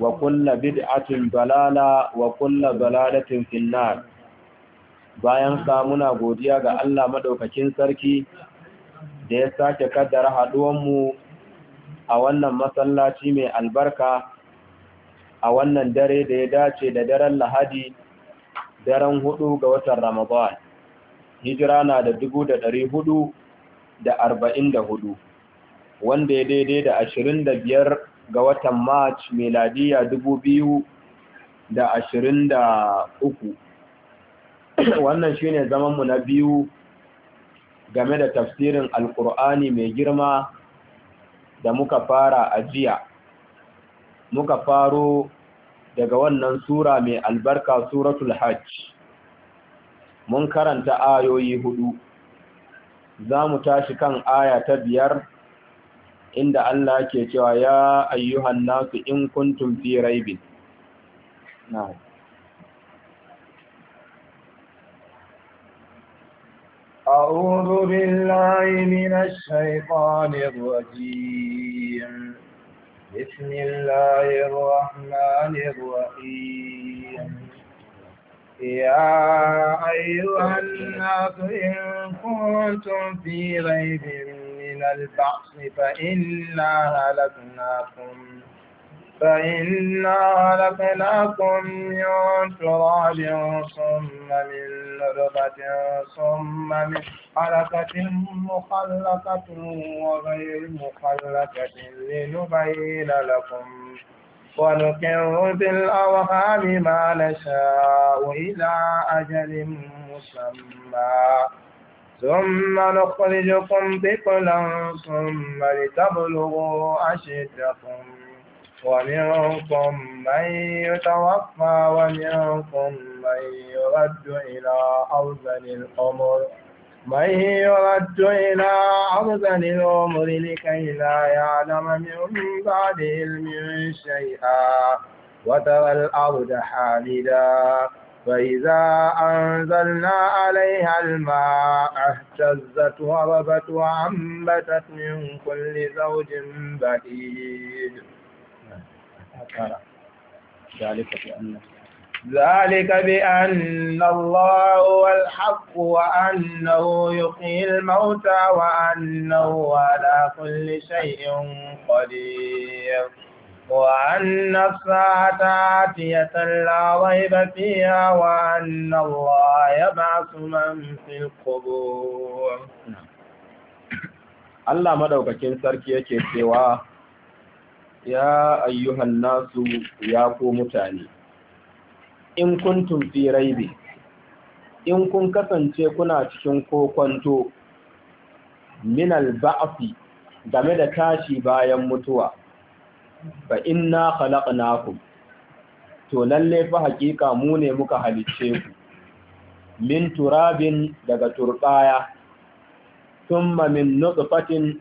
وكل بدعة ضلالة وكل ضلالة في النار bayan ka godiya ga Allah madaukakin sarki da ya sake kaddara mu a wannan masallaci mai albarka a wannan dare da ya dace da daren Lahadi daren hudu ga watan Ramadan hijira na da dubu da ɗari hudu da arba'in da hudu wanda ya daidai da ashirin da biyar ga watan march da uku, wannan shine mu na biyu game da tafsirin alkur'ani mai girma da muka fara a jiya muka faro daga wannan sura mai albarka suratul hajj mun karanta ayoyi hudu za mu tashi kan aya ta biyar inda Allah ke cewa ya ayyuhan nasu in kuntum fi raibin na'am أعوذ بالله من الشيطان الرجيم بسم الله الرحمن الرحيم يا أيها الناس إن كنتم البعث فإنا هلكناكم فإنا هلكناكم من تراب ثم من نطفة ثم من حركة مخلقة وغير مخلقة لنبين لكم ونقر بالأوهام ما نشاء إلى أجل مسمى ثم نخرجكم طفلا ثم لتبلغوا أشدكم ومنكم من يتوفى ومنكم من يرد إلى أرذل الأمر من يرد إلى أرذل الأمر لكي لا يعلم من بعد علم شيئا وترى الأرض حامدا فإذا أنزلنا عليها الماء اهتزت وربت وأنبتت من كل زوج بهيج ذلك بأن ذلك بأن الله هو الحق وأنه يحيي الموتى وأنه على كل شيء قدير وأن الساعة آتية لا ريب فيها وأن الله يبعث من في القبور Allah madaukakin sarki yake cewa ya ayyuhan nasu ya ku mutane in kuntum fi raibi in kun kasance kuna cikin kokonto min al game da tashi bayan mutuwa fa inna khalaqnakum to lalle fa hakika mu ne muka halicce ku min turabin daga turbaya thumma min nutfatin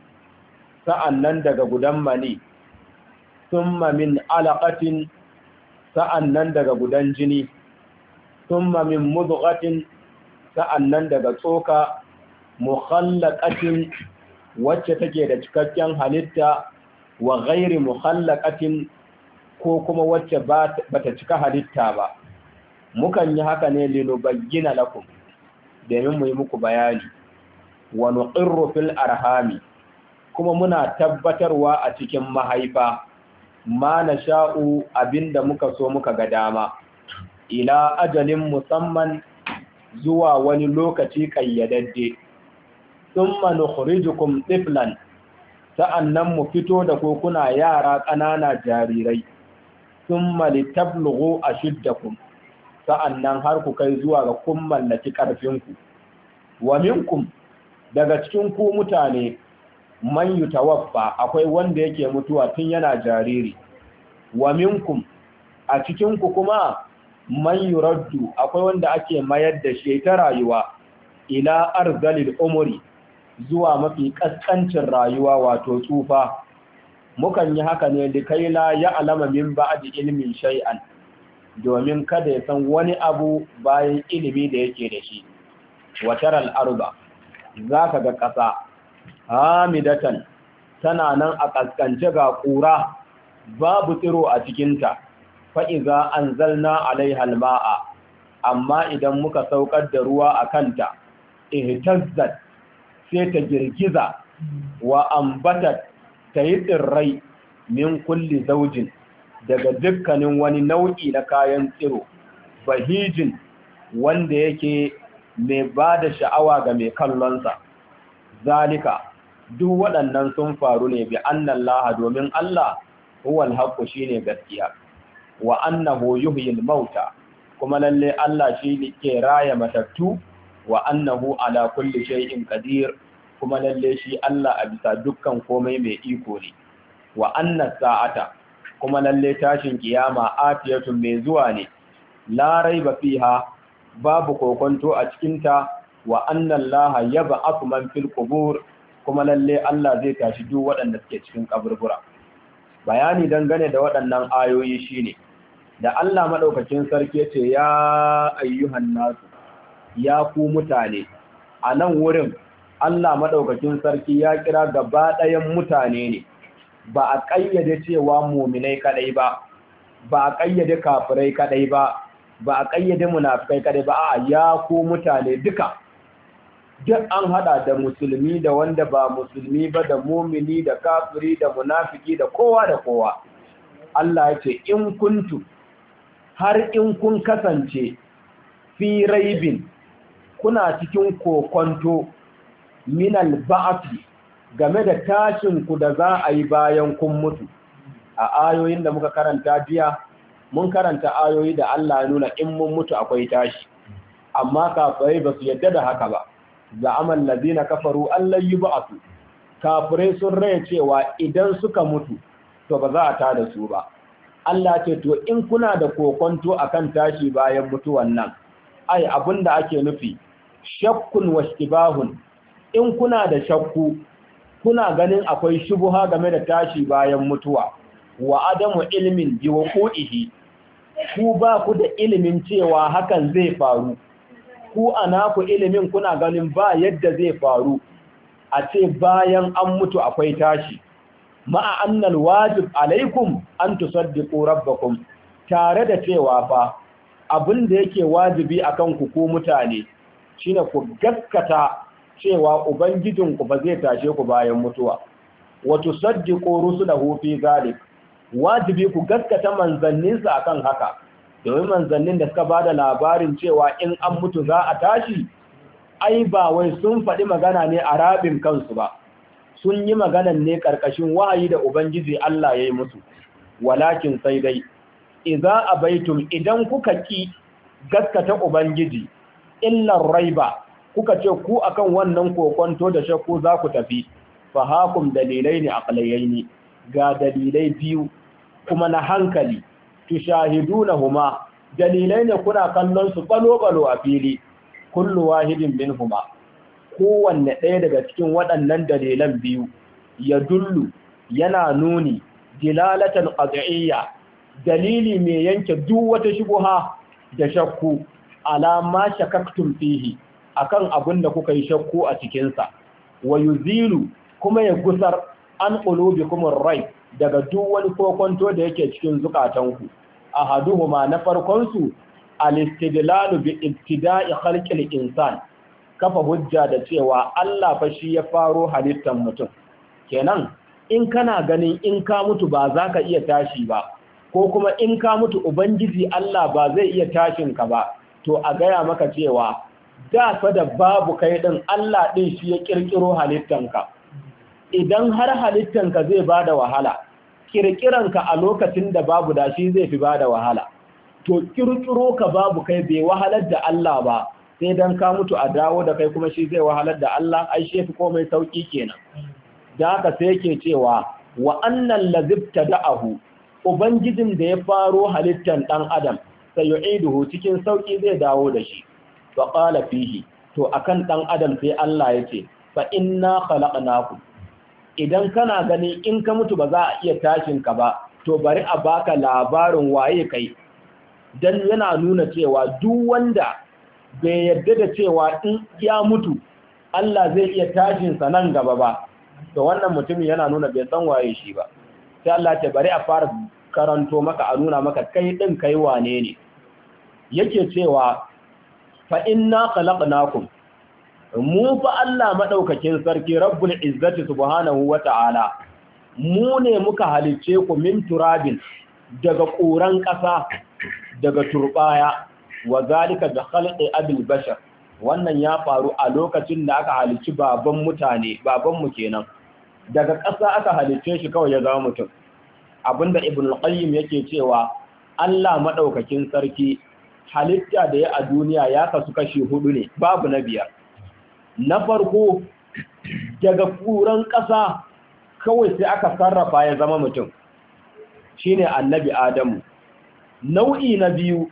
sa'annan daga gudan mani thumma min alaqatin sa'annan daga gudan jini thumma min mudghatin sa'annan daga tsoka mukhallaqatin wacce take da cikakken halitta wa ghairi muhallaqatin ko kuma wacce bata cika halitta ba mukan yi haka ne linubayyana lakum domin mu yi muku bayani wa nuqirru fil arhami kuma muna tabbatarwa a cikin mahaifa ma na sha'u abinda muka so muka ga dama ila ajalin musamman zuwa wani lokaci kayyadadde thumma nukhrijukum tiflan sa'annan mu fito da kokuna yara ƙanana jarirai sun malitablugo a shiddakun sa'annan har ku kai zuwa ga kun mallaki ƙarfinku wa minkum daga cikin ku mutane man yutawaffa akwai wanda yake mutuwa tun yana jariri wa minkum a cikin ku kuma man yuraddu akwai wanda ake mayar da shi ta rayuwa ila arzalil umuri zuwa mafi kaskancin rayuwa wato tsufa mukan yi haka ne da kai la ya alama min ba'di ilmin shay'an domin kada ya san wani abu bayan ilimi da yake da shi wa arba. arba zaka ga ƙasa hamidatan tana nan a kaskance ga ƙura babu tsiro a cikinta fa'iza an zalna alai ma'a amma idan muka saukar da ruwa a kanta ihtazzat sai ta girgiza wa ambata ta yi tsirrai min kulli zaujin daga dukkanin wani nau'i na kayan tsiro bahijin wanda yake mai ba da sha'awa ga mai kallonsa zalika duk waɗannan sun faru ne bi annan laha domin Allah huwal haƙƙo shi ne gaskiya wa annahu yuhyil mauta kuma lalle Allah shi ne ke raya matattu wa annahu ala kulli shay'in qadir kuma lalle shi Allah a bisa dukkan komai mai iko ne wa anna sa'ata kuma lalle tashin kiyama atiyatun mai zuwa ne la raiba fiha babu kokonto a cikin ta wa anna Allah yab'athu man fil qubur kuma lalle Allah zai tashi duk waɗanda suke cikin kaburbura bayani dangane da waɗannan ayoyi shine da Allah madaukakin sarki yace ya ayyuhan nasu ya ku mutane a nan wurin Allah maɗaukakin sarki ya kira gaba ɗayan mutane ne ba a ƙayyade cewa muminai kaɗai ba ba a ƙayyade kafirai kaɗai ba ba a ƙayyade munafikai kaɗai ba a ya ku mutane duka duk an haɗa da musulmi da wanda ba musulmi ba da mumini da kafiri da munafiki da kowa da kowa Allah ya ce in kuntu har in kun kasance fi raibin kuna cikin kokonto minal ba'afi game da tashin ku da za a yi bayan kun mutu a ayoyin da muka karanta biya mun karanta ayoyi da Allah ya nuna in mun mutu akwai tashi amma kafirai ba su yadda da haka ba za za'amal ladina kafaru allan yub'atu kafirai sun raya cewa idan suka mutu to ba za a tada su ba Allah ce to in kuna da kokonto akan tashi bayan mutuwan nan ai abinda ake nufi shakkun washtibahun in kuna da shakku kuna ganin akwai shubuha game da tashi bayan mutuwa wa adamu ilmin bi ku ba ku da ilimin cewa hakan zai faru ku ana ku ilimin kuna ganin ba yadda zai faru a ce bayan an mutu akwai tashi ma'a annal wajib alaikum an tusaddiqu rabbakum tare da cewa fa abinda yake wajibi akan ku ko mutane shine ku gaskata cewa ubangijinku ba zai tashe ku bayan mutuwa wa tusaddiqu rusulahu fi zalik wajibi ku gaskata sa akan haka domin manzannin da suka bada labarin cewa in an mutu za a tashi ai ba wai sun faɗi magana ne a rabin kansu ba sun yi magana ne ƙarƙashin wahayi da ubangiji Allah ya yi musu walakin sai dai idza abaitum idan kuka ki gaskata ubangiji illar raiba kuka ce ku akan wannan kokonto da shakku za ku tafi fa hakum dalilai ne aqlayaini ga dalilai biyu kuma na hankali tushahidu na huma, dalilai ne kuna kallon su balo balo a fili kullu wahidin huma. kowanne ɗaya daga cikin waɗannan dalilan biyu ya dullu yana nuni dilalatan qad'iyya dalili mai yanke duk wata shubuha da shakku ala ma shakaktum fihi akan abin da kuka yi shakku a cikin sa wa kuma ya gusar an qulubi kuma rai daga duk wani kokonto da yake cikin zukatanku ahaduhuma na farkon su al-istidlalu bi ibtida'i khalqil insan kafa hujja da cewa Allah fa shi ya faro halittar mutum kenan in kana ganin in ka mutu ba za ka iya tashi ba ko kuma in ka mutu ubangiji Allah ba zai iya tashin ka ba to a gaya maka cewa da fa da babu kai din Allah din shi ya kirkiro halittanka idan har halittanka zai bada wahala kirkiranka a lokacin da babu da shi zai fi bada wahala to kirkiro ka babu kai bai wahalar da Allah ba sai dan ka mutu a dawo da kai kuma shi zai wahalar da Allah ai shi fi komai sauki kenan da haka sai yake cewa wa annal lazibta da'ahu ubangijin da ya faro halittan dan adam sayu'iduhu cikin sauki zai dawo da shi wa qala fihi to akan dan adam sai Allah yace fa inna khalaqnakum idan kana gani in ka mutu ba za a iya tashin ka ba to bari a baka labarin waye kai dan yana nuna cewa duk wanda bai yarda da cewa in ya mutu Allah zai iya tashin sa nan gaba ba to wannan mutumin yana nuna bai san waye shi ba sai Allah ce bari a fara karanto maka a nuna maka kai ɗin kai wane ne yake cewa fa inna khalaqnakum mu fa Allah madaukakin sarki rabbul izzati subhanahu ta'ala mu ne muka halice ku min turabin daga ƙuran ƙasa daga turbaya wa zalika da khalqi abil bashar wannan ya faru a lokacin da aka halici baban mutane baban kenan daga ƙasa aka halice shi kawai ya zama mutum abinda ibn al-qayyim yake cewa Allah madaukakin sarki halitta da ya a duniya ya kasu kashi hudu ne babu na biyar na farko daga furan ƙasa kawai sai aka sarrafa ya zama mutum shine annabi adamu nau'i na biyu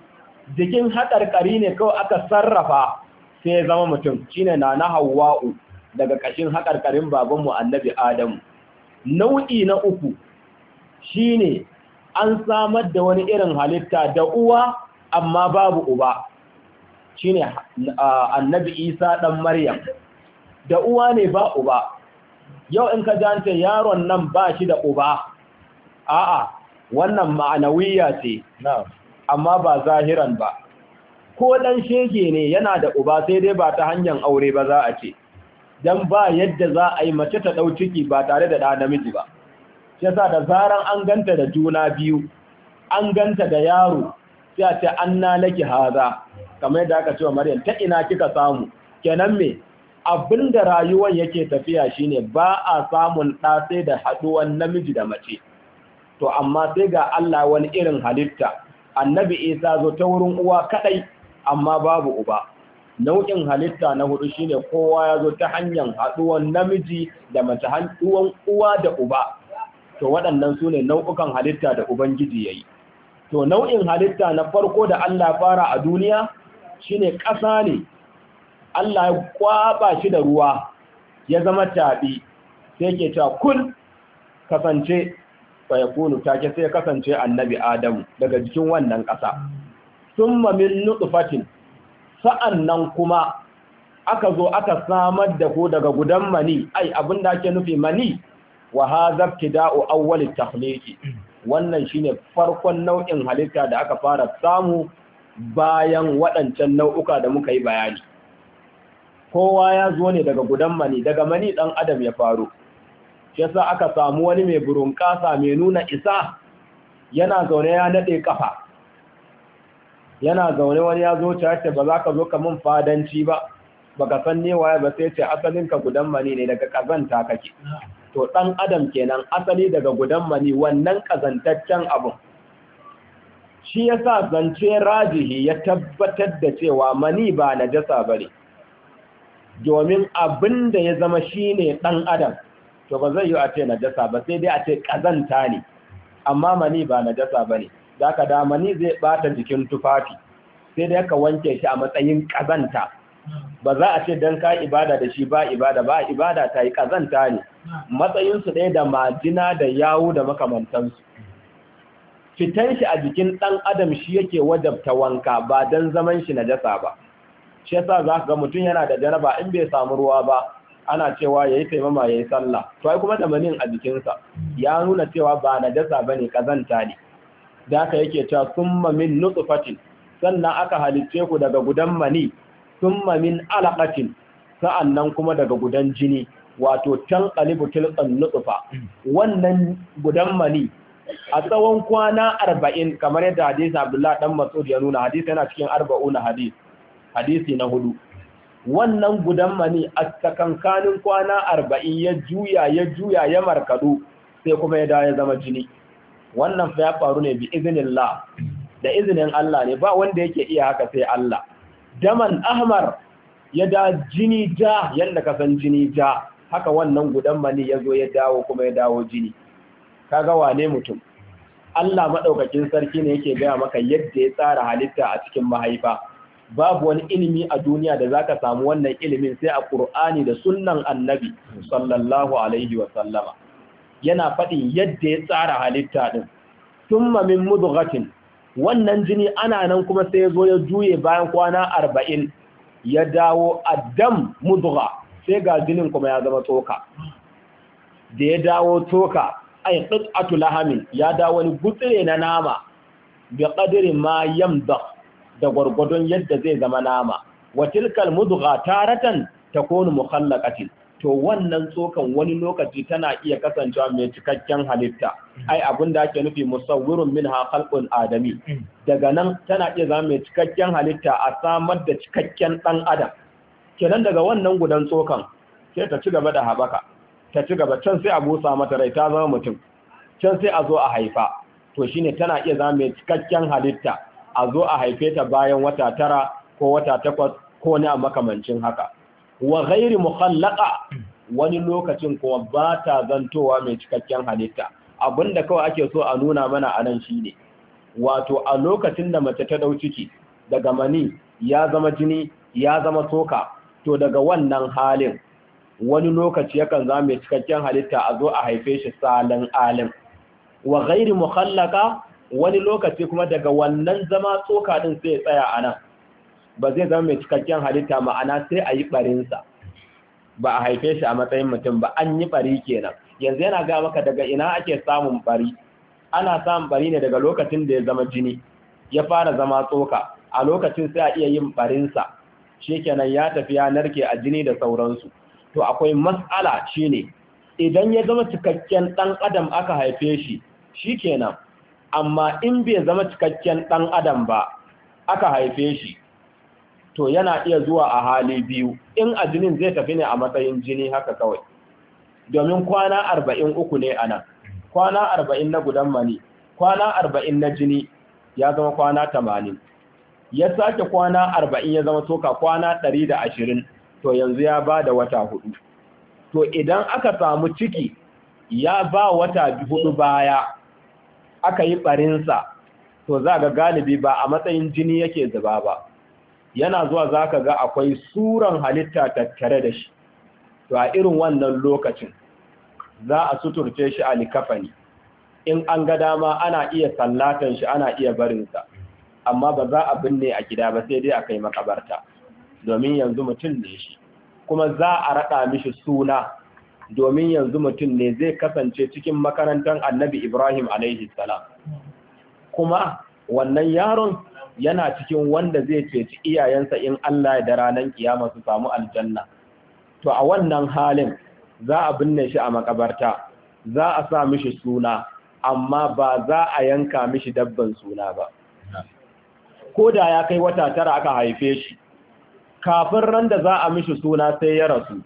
jikin haƙarƙari ne kawai aka sarrafa sai ya zama mutum shine nana hawwa'u daga ƙashin haƙarƙarin babanmu annabi adamu nau'i na uku Shi ne an samar da wani irin halitta da uwa amma babu uba Shi ne annabi isa ɗan maryam da uwa ne ba uba yau in ka jance yaron nan ba shi da uba a'a wannan ma'anawiya ce amma ba zahiran ba ko ɗan shege ne yana da uba sai dai ba ta hanyar aure ba za a ce dan ba yadda za a yi mace ta ɗau ciki ba tare da ɗa namiji ba yasa da zaran an ganta da juna biyu an ganta da yaro sai a ce na laki haza kamar yadda aka cewa maryam ta ina kika samu kenan me Abinda da rayuwar yake tafiya shine ba a samun ɗa sai da haɗuwan namiji da mace to amma sai ga Allah wani irin halitta annabi isa zo ta wurin uwa kaɗai, amma babu uba nau'in halitta na hudu shine kowa ya zo ta hanyar haɗuwan namiji da mace haɗuwan uwa da uba to waɗannan su ne nau'ukan halitta da ubangiji ya yi to nau'in halitta na farko da allah fara a duniya shine ƙasa ne allah ya kwaɓa shi da ruwa ya zama taɓi sai ke ta kun kasance Kunu take sai kasance annabi adamu daga jikin wannan ƙasa mamin min sa'an nan kuma aka zo aka samar da ku daga gudan mani ai abin da ake nufi mani wa hadha ibtida'u awwal at takhliq wannan shine farkon nau'in halitta da aka fara samu bayan waɗancan nau'uka da muka yi bayani kowa ya zo ne daga gudan mani daga mani dan adam ya faru shi yasa aka samu wani mai burunkasa mai nuna isa yana zaune ya nade ƙafa yana zaune wani ya zo cewa ba za ka zo ka mun fadanci ba baka san ne waye ba sai ce asalin ka gudan mani ne daga kazanta kake to ɗan adam kenan asali daga gudan mani wannan ƙazantaccen abun shi ya sa zance rajihi ya tabbatar da cewa mani ba na jasa bare domin abin da ya zama shi ne ɗan adam to ba zai yi a ce na jasa ba sai dai a ce ƙazanta ne amma mani ba najasa ba ne za ka da mani zai ɓata jikin tufafi sai dai ka wanke shi a matsayin ƙazanta ba za a ce don ka ibada da shi ba ibada ba ibada ta yi kazanta ne matsayinsu ɗaya da majina da yawu da makamantansu fitan shi a jikin ɗan adam shi yake wajabta wanka ba don zaman shi na jasa ba shi yasa za ga mutum yana da jaraba in bai samu ruwa ba ana cewa ya yi taimama ya yi sallah to ai kuma da manin a jikinsa ya nuna cewa ba najasa bane kazanta ne da haka yake cewa summa min nutfatin sannan aka halicce ku daga gudan mani thumma min alaqatin sa'annan kuma daga gudan jini wato tan qalibu tilqan nutfa wannan gudan mani a tsawon kwana arba'in kamar yadda hadisi Abdullah dan Mas'ud ya nuna hadisi yana cikin 40 hadisi hadisi na hudu wannan gudan mani a tsakankanin kwana arba'in ya juya ya juya ya markadu sai kuma ya dawo ya zama jini wannan fa ya faru ne bi iznillah da izinin Allah ne ba wanda yake iya haka sai Allah daman ahmar ya da jini ja yadda ka san jini ja haka wannan gudan mani ya zo ya dawo kuma ya dawo jini kaga wane mutum Allah maɗaukakin sarki ne yake gaya maka yadda ya tsara halitta a cikin mahaifa babu wani ilimi a duniya da za ka samu wannan ilimin sai a ƙur'ani da sunan Annabi sallallahu alaihi wa yana faɗin yadda ya tsara halitta din Tummamin mudu mudghatin wannan jini ana nan kuma sai ya zo ya juye bayan kwana arba'in ya dawo addam mudugha sai ga jinin kuma ya zama toka da ya dawo toka ay qit'atu lahamin ya dawo wani gutsire na nama bi qadri ma yamda da gwargwadon yadda zai zama nama wa tilkal mudugha taratan takunu mukhallaqatin to wannan tsokan wani lokaci tana iya kasancewa mai cikakken halitta mm. ai abin da ake nufi musawwirun minha khalqul adami mm. daga nan tana iya zama mai cikakken halitta a samar da cikakken dan adam kenan daga wannan gudan tsokan sai ta ci gaba da habaka ta ci gaba can sai a busa mata rai ta zama mutum can sai a zo a haifa to shine tana iya zama mai cikakken halitta a zo a haife ta bayan wata tara ko wata takwas ko ne a makamancin haka wa ghairi mukhallaqa wani lokacin kuma ba ta zantowa mai cikakken halitta abinda kawai ake so a nuna mana anan nan shine wato a lokacin da mace ta dau ciki daga mani ya zama jini ya zama soka to daga wannan halin wani lokaci yakan zama mai cikakken halitta a zo a haife shi salan alim wa ghairi mukhallaqa wani lokaci kuma daga wannan zama tsoka din sai tsaya anan. ba zai zama mai cikakken halitta ma'ana sai a yi barinsa ba a haife shi a matsayin mutum ba an yi bari kenan yanzu yana ga maka daga ina ake samun bari ana samun bari ne daga lokacin da ya zama jini ya fara zama tsoka a lokacin sai a iya yin barinsa kenan ya tafi ya narke a jini da sauransu to akwai mas'ala ne. idan ya zama cikakken ɗan adam aka haife shi shi kenan. amma in bai zama cikakken ɗan adam ba aka haife shi to yana iya zuwa a hali biyu in a jinin zai tafi ne a matsayin jini haka kawai domin kwana arba'in uku ne a kwana arba'in na gudan mani kwana arba'in na jini ya zama kwana tamanin ya sake kwana arba'in ya zama toka kwana ɗari da ashirin to yanzu ya ba da wata hudu to idan aka samu ciki ya ba wata hudu baya aka yi ɓarinsa to za ga galibi ba a matsayin jini yake zuba ba yana zuwa za ka ga akwai suran halitta tattare da shi to a irin wannan lokacin za a suturce shi a likafani in an ga dama ana iya sallatan shi ana iya barinsa amma ba za a binne a gida ba sai dai a kai makabarta domin yanzu mutum ne shi kuma za a raɗa mishi suna domin yanzu mutum ne zai kasance cikin makarantar annabi ibrahim alaihi salam kuma wannan yaron yana cikin wanda zai ceci iyayensa in Allah ya da ranar kiyama su samu aljanna to a wannan halin za a binne shi a makabarta za a sa mishi suna amma ba za a yanka mishi dabban suna ba ko da ya kai wata tara aka haife shi kafin ran da za a mishi suna sai ya rasu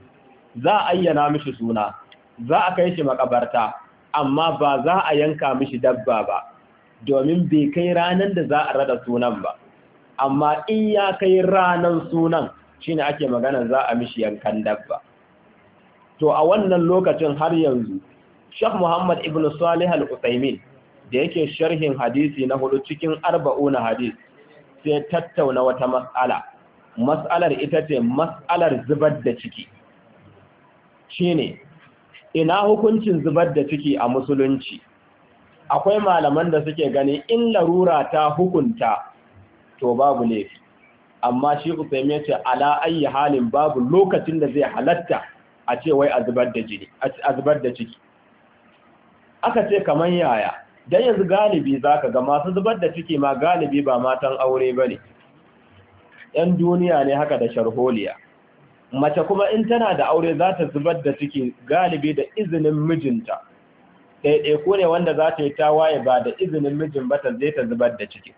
za a ayyana mishi suna za a kai shi makabarta amma ba za a yanka mishi dabba ba domin bai kai ranar da za a rada sunan ba amma in ya kai ranar sunan shi ne ake magana za a mishi yankan dabba to a wannan lokacin har yanzu Sheikh Muhammad Ibn Salih Al-Utsaimin da yake sharhin hadisi na hudu cikin arba'una hadis sai tattauna wata mas'ala mas'alar ita ce mas'alar zubar da ciki Shi ne, ina hukuncin zubar da ciki a musulunci akwai malaman da suke gani in larura ta hukunta to babu laifi amma shi sai ya ce ala ayi halin babu lokacin da zai halatta a ce wai a zubar da ciki aka ce kaman yaya dan yanzu galibi zaka ga masu zubar da ciki ma galibi ba matan aure bane yan duniya ne haka da sharholiya mace kuma in tana da aure za ta zubar da ciki galibi da izinin mijinta Ɗaiɗaiko ne wanda za ta yi tawaye ba da izinin mijin ba ta zai ta zubar da ciki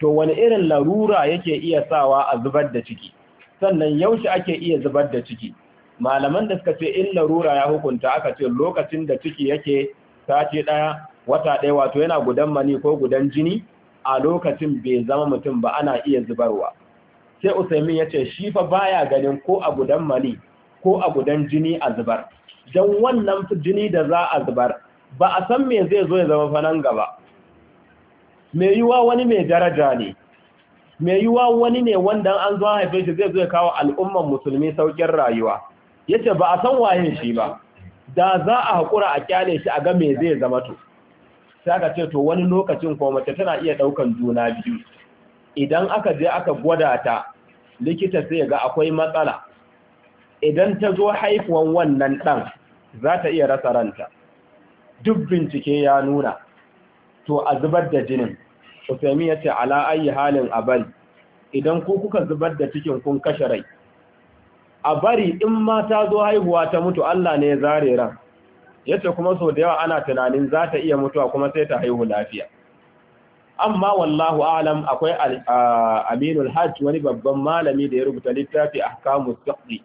to wani irin larura yake iya sawa a zubar da ciki sannan yaushe ake iya zubar da ciki malaman da suka ce in larura ya hukunta aka ce lokacin da ciki yake sati ɗaya wata ɗaya wato yana gudan mani ko gudan jini a lokacin bai zama mutum ba ana iya zubarwa sai usaimin ya ce shi fa baya ganin ko a gudan mani ko a gudan jini a zubar don wannan jini da za a zubar ba a san me zai zo ya zama fanan gaba mai yiwa wani mai daraja ne mai yiwa wani ne wanda an zo haife shi zai zo ya kawo al'umman musulmi saukin rayuwa yace ba a san waye shi ba da za a hakura a kyale shi a ga me zai zama to sai aka ce to wani lokacin ko mace tana iya daukan juna biyu idan aka je aka gwada ta likita sai ga akwai matsala idan ta zo haifuwan wannan dan za ta iya rasa ranta duk bincike ya nuna to a zubar da jinin Usami ya ce ala ayi halin a idan ku kuka zubar da cikin kun kashe rai a bari in ma ta zo haihuwa ta mutu Allah ne ya zare ran yace kuma so da yawa ana tunanin za ta iya mutuwa kuma sai ta haihu lafiya amma wallahu alam akwai Aminul Hajj wani babban malami da ya rubuta littafi ahkamus saqi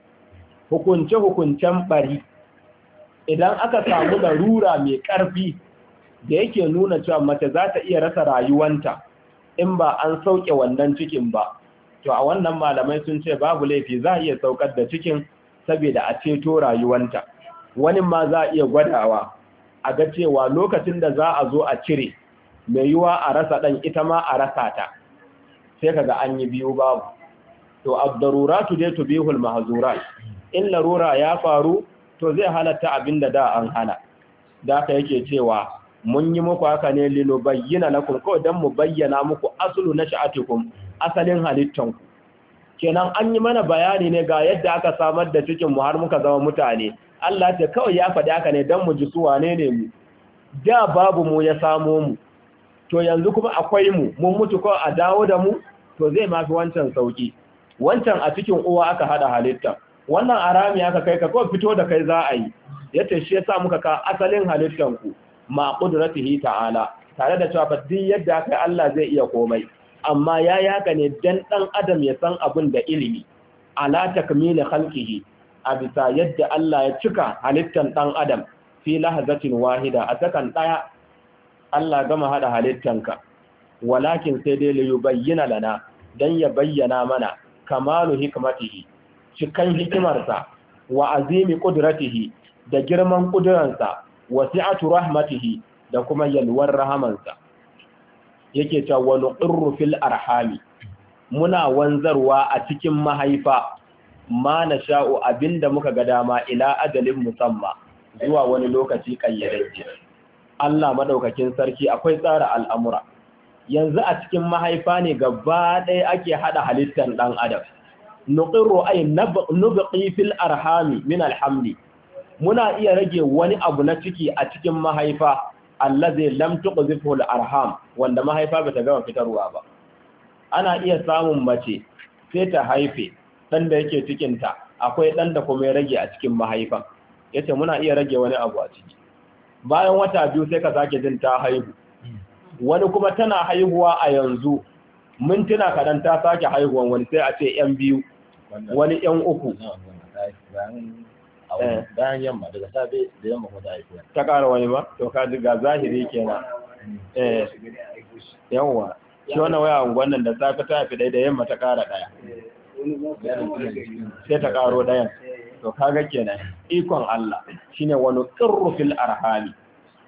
hukunce hukuncen bari idan aka samu larura mai ƙarfi da yake nuna cewa mace za ta iya rasa rayuwanta in ba an sauke wannan cikin ba to a wannan malamai sun ce babu laifi za a iya saukar da cikin saboda a ceto rayuwanta wani ma za a iya gwadawa a ga cewa lokacin da za a zo a cire mai yiwa a rasa ɗan ita ma a rasa ta sai kaga an yi biyu babu to abdaruratu dai bihul mahazura in larura ya faru to zai halatta abin da da an hana da aka yake cewa mun yi muku haka ne lino bayyana lakum kawai don mu bayyana muku asulu na sha'atikum asalin halittanku kenan an yi mana bayani ne ga yadda aka samar da cikin mu har muka zama mutane Allah ta kawai ya faɗi haka ne don mu ji su wane ne mu da babu mu ya samo mu to yanzu kuma akwai mu mun mutu kawai a dawo da mu to zai mafi wancan sauki wancan a cikin uwa aka hada halittan. wannan arami aka kai ka kawai fito da kai za a yi yace shi ya sa muka ka asalin halittar ku ma qudratihi ta'ala tare da cewa duk yadda kai Allah zai iya komai amma ya yaka ne dan dan adam ya san abin da ilimi ala takmil khalqihi a bisa yadda Allah ya cika halittan dan adam fi lahazatin wahida a sakan daya Allah gama hada halittanka walakin sai dai li lana dan ya bayyana mana kamalu hikmatihi cikan hikimarsa wa azimi ƙudratihi da girman ƙuduransa, wa si'atu rahmatihi da kuma yalwar rahamansa yake ta wani nuqirru fil arhami muna wanzarwa a cikin mahaifa ma na sha'u abinda muka ga dama ila ajalin musamma zuwa wani lokaci kayyadajje Allah madaukakin sarki akwai tsara al'amura yanzu a cikin mahaifa ne gaba ɗaya ake haɗa halittar ɗan adam nuqirru ay nubqi fil arhami min alhamli muna iya rage wani abu na ciki a cikin mahaifa allazi lam tuqzifu al-arham wanda mahaifa bata gama fitarwa ba ana iya samun mace sai ta haife dan da yake cikin ta akwai dan da kuma ya rage a cikin mahaifan yace muna iya rage wani abu a ciki bayan wata biyu sai ka sake jin ta haihu wani kuma tana haihuwa a yanzu mintuna kadan ta sake haihuwan wani sai a ce yan biyu wani yan uku eh. bayan yamma daga safe da yamma kuma ta haifuwa ta ƙara wani ba to ka ga zahiri kenan mm. eh yawa shi wannan waya wannan da safe ta haifi ɗaya da yamma ta ƙara ɗaya sai ta ƙaro ɗayan to kaga kenan ikon Allah shine wani qirru fil arhami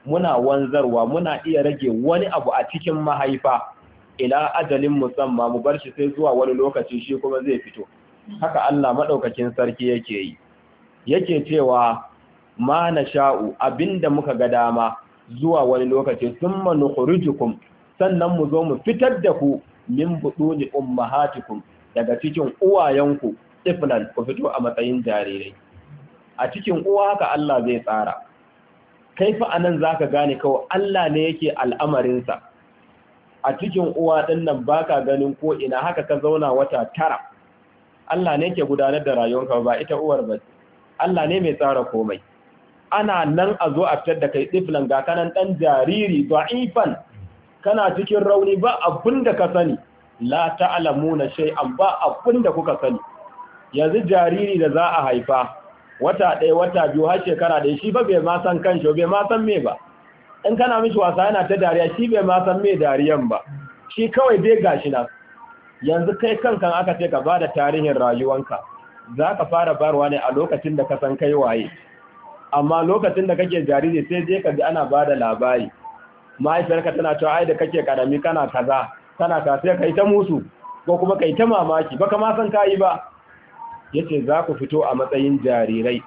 muna wanzarwa muna iya rage wani abu a cikin mahaifa ila ajalin musamma mu bar shi sai zuwa wani lokaci shi kuma zai fito haka Allah maɗaukakin sarki yake yi yake cewa ma na sha'u abinda muka ga dama zuwa wani lokaci sun manukhurijukum sannan mu zo mu fitar da ku min buduni ummahatikum daga cikin uwayenku iflan ku fito a matsayin jarirai a cikin uwa haka Allah zai tsara kai fa anan zaka gane kawai Allah ne yake al'amarinsa a cikin uwa ɗin nan baka ganin ko ina haka ka zauna wata tara Allah ne ke gudanar da rayuwarka ba ita uwar ba Allah ne mai tsara komai ana nan a zo a fitar da kai tsiflan ga kanan dan jariri ifan kana cikin rauni ba abin da ka sani la ta'lamuna shay'an ba abin da kuka sani yanzu jariri da za a haifa wata ɗaya wata biyu har shekara da shi ba bai ma san kanshi bai ma san me ba in kana mishi wasa yana ta dariya shi bai ma san me dariyan ba shi kawai dai gashi na yanzu kai kankan aka ce ka bada tarihin rayuwanka za ka fara barwa ne a lokacin da ka san kai waye amma lokacin da kake jariri sai je ka ji ana bada labari mahaifiyarka tana cewa ai da kake karami kana kaza kana ka sai kai ta musu ko kuma kai ta mamaki Ba ka ma san kai ba yace za ku fito a matsayin jarirai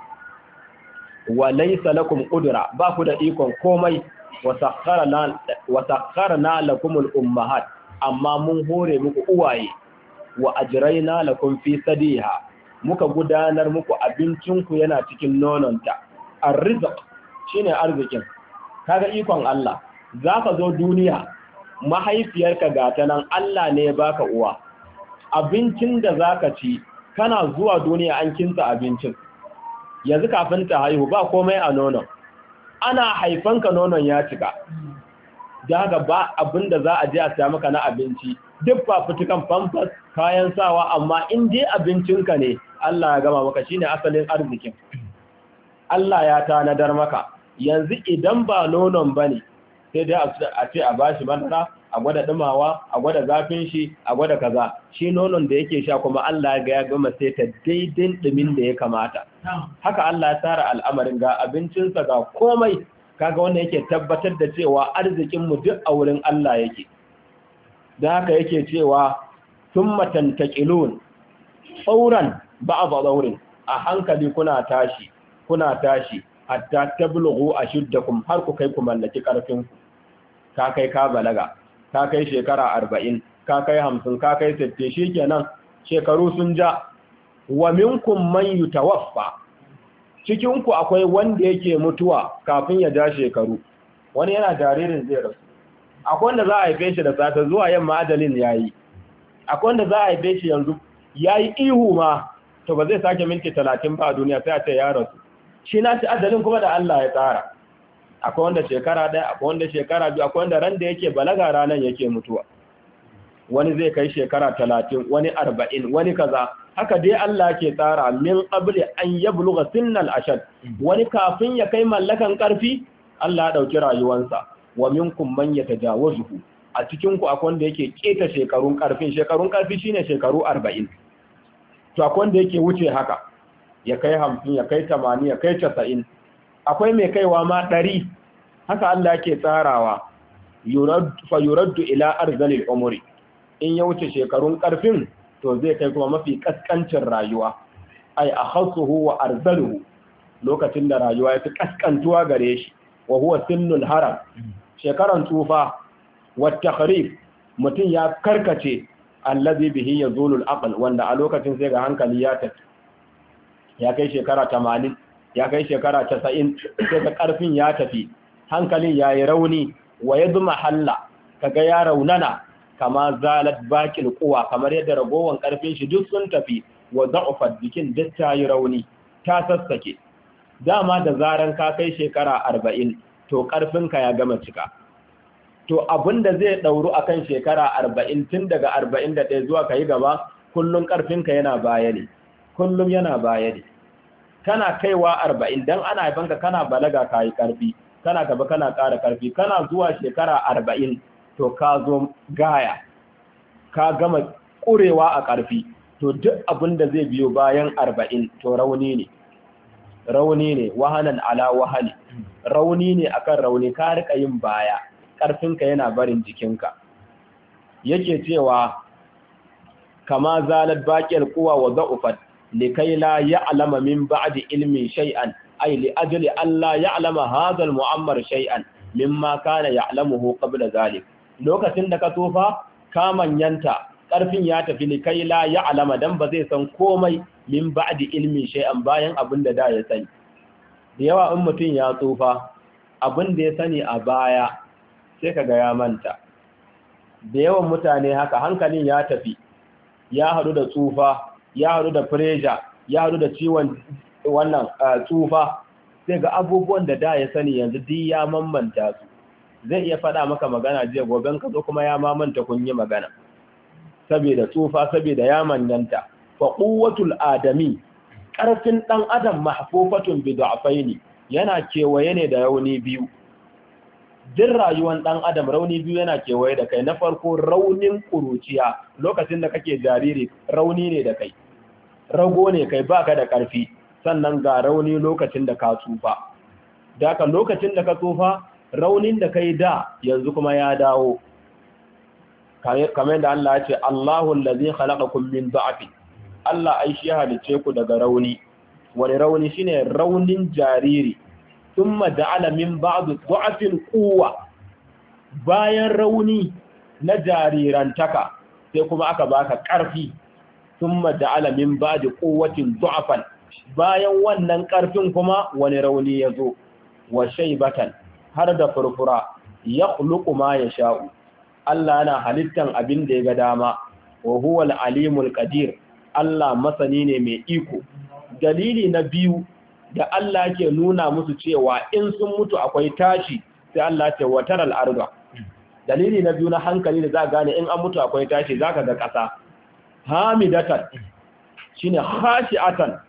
wa laysa lakum qudra ba ku da ikon komai wa sakhkhara lakum al ummahat amma mun hore muku uwaye wa ajraina lakum fi sadiha muka gudanar muku abincin ku yana cikin nononta arrizq shine arzikin kaga ikon Allah zaka zo duniya mahaifiyarka ga ta nan Allah ne ya baka uwa abincin da zaka ci kana zuwa duniya an kinta abincin yanzu kafin ta haihu ba komai a nonon ana haifanka nonon ya cika da ba abin da za a je a samu maka na abinci duk fafutukan famfas kayan sawa amma in dai abincinka ne Allah ya gama maka shine asalin arzikin Allah ya tanadar maka yanzu idan ba nonon bane sai dai a ce a bashi madara a gwada dumawa a gwada zafin shi a gwada kaza shi nonon da yake sha kuma Allah ga ya gama sai ta daidai dumin da ya kamata haka Allah ya tsara al'amarin ga abincinsa ga komai kaga wannan yake tabbatar da cewa arzikin mu duk a wurin Allah yake dan haka yake cewa thumma tantaqilun fauran ba'd dhawrin a hankali kuna tashi kuna tashi hatta tablughu ashuddakum har ku kai ku mallaki karfin ku ka kai ka balaga ka kai shekara 40 ka kai 50 ka kai 60 shikenan shekaru sun ja wa minkum man yutawaffa cikin ku akwai wanda yake mutuwa kafin ya ja shekaru wani yana jaririn zai rasu akwai wanda za a haife shi da safe zuwa yamma ya yi. akwai wanda za a haife shi yanzu ya yi ihu ma to ba zai sake minti talatin ba a duniya sai a ce ya rasu shi na shi ajalin kuma da Allah ya tsara akwai wanda shekara ɗaya akwai wanda shekara biyu akwai wanda ran da yake balaga ranar yake mutuwa wani zai kai shekara talatin wani arba'in wani kaza haka dai Allah ke tsara min qabli an yablugha sinnal ashad wani kafin ya kai mallakan karfi Allah ya dauki rayuwansa wa minkum man yatajawazuhu a cikin ku akwai wanda yake keta shekarun karfin shekarun karfi shine shekaru 40 to akwai wanda yake wuce haka ya kai 50 ya kai 80 ya kai 90 akwai mai kaiwa ma 100 haka Allah ke tsarawa yurad fa yuraddu ila arzalil umri in ya wuce shekarun karfin to zai kai kuma mafi kaskancin rayuwa ai akhasuhu wa arzaluhu lokacin da rayuwa ya fi kaskantuwa gare shi wa huwa sinnul haram shekaran tufa wa takhrif mutum ya karkace allazi bihi yazulul aql wanda a lokacin sai ga hankali ya tafi ya kai shekara 80 ya kai shekara 90 sai ga karfin ya tafi hankalin yayi rauni wa yadma halla kaga ya raunana kama zalat bakil quwa kamar yadda ragowan karfin shi duk sun tafi wa da'ufat jikin duk ta rauni ta sassake dama da zaran ka kai shekara 40 to karfinka ya gama cika to abinda zai dauru akan shekara 40 tun daga 41 zuwa kai gaba kullun karfinka yana baya ne kullum yana baya ne kana kaiwa 40 dan ana haifanka kana balaga kai karfi kana gaba kana ƙara karfi kana zuwa shekara arba'in to ka zo gaya ka gama ƙurewa a ƙarfi to duk abin da zai biyo bayan arba'in to rauni ne rauni ne wahanan ala wahani rauni ne akan rauni ka rika yin baya ƙarfinka yana barin jikinka yake cewa kama zalat baqiyal quwa wa da'ufat likai la ya'lama min ba'di ilmin shay'an ay li ajli an la ya'lama hadha al mu'ammar shay'an mimma kana ya'lamuhu qabla zalik lokacin da ka tofa ka manyanta ƙarfin ya tafi kai la ya alama dan ba zai san komai min ba'di ilmin shay'an bayan abin da da ya sani da yawa in mutum ya tsufa abin da ya sani a baya sai ga ya manta da yawan mutane haka hankalin ya tafi ya haɗu da tsufa ya haɗu da pressure ya haɗu da ciwon wannan tsufa sai ga abubuwan da da ya sani yanzu duk ya mamanta su zai iya faɗa maka magana jiya goben ka zo kuma ya mamanta kun yi magana saboda tsufa saboda ya manyanta fa quwwatul adami karfin dan adam mahfufatun bi du'afaini yana kewaye ne da rauni biyu din rayuwan dan adam rauni biyu yana kewaye da kai na farko raunin kuruciya lokacin da kake jariri rauni ne da kai rago ne kai baka da karfi sannan ga rauni lokacin da ka tsufa daka lokacin da ka tsufa raunin da kai da yanzu kuma ya dawo kamar da Allah ya ce Allahu allazi khalaqakum min da'fi Allah ai shi halice ku daga rauni wani rauni shine raunin jariri thumma da'ala min ba'du du'afin quwwa bayan rauni na jarirantaka sai kuma aka baka ƙarfi thumma da'ala min ba'di quwwatin du'afan bayan wannan karfin kuma wani rauni yazo wa shaybatan har da furfura ya ma ya sha'u Allah yana halittan abin da ya ga dama wa huwa al-alimul qadir Allah masani ne mai iko dalili na biyu da Allah ke nuna musu cewa in sun mutu akwai tashi sai Allah ce watar al’arga. dalili na biyu na hankali da za gane in an mutu akwai tashi za ka ga ƙasa hamidatan Shin atan,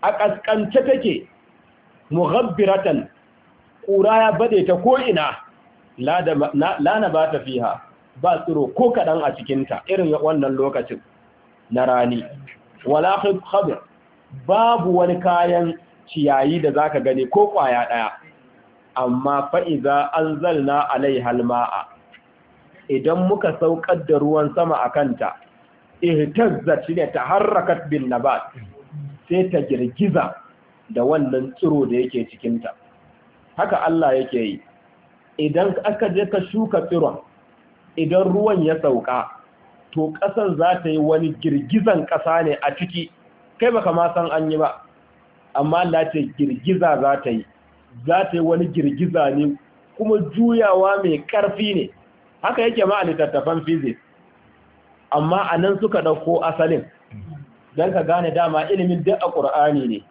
a ƙasƙance take muhabbiratan ƙura ya bade ta ko'ina lana ba ta fiha ba tsiro ko kaɗan a cikinta irin wannan lokacin na rani wala haɗu babu wani kayan ciyayi da za ka gani ko ƙwaya ɗaya amma fa'iza an zalna alai halma'a idan muka sauƙar da ruwan sama a kanta ihtazza shi ne ta harrakat bin nabat sai ta girgiza da wannan tsiro da yake cikinta haka Allah yake yi idan aka je ka shuka tsiron idan ruwan ya sauka to ƙasar za ta yi wani girgizan ƙasa ne a ciki kai baka ma san an yi ba amma Allah ce girgiza za ta yi za ta yi wani girgiza ne kuma juyawa mai ƙarfi ne haka yake ma a littattafan physics amma a nan suka ɗauko asalin don ka gane dama ilimin duk a ƙur'ani ne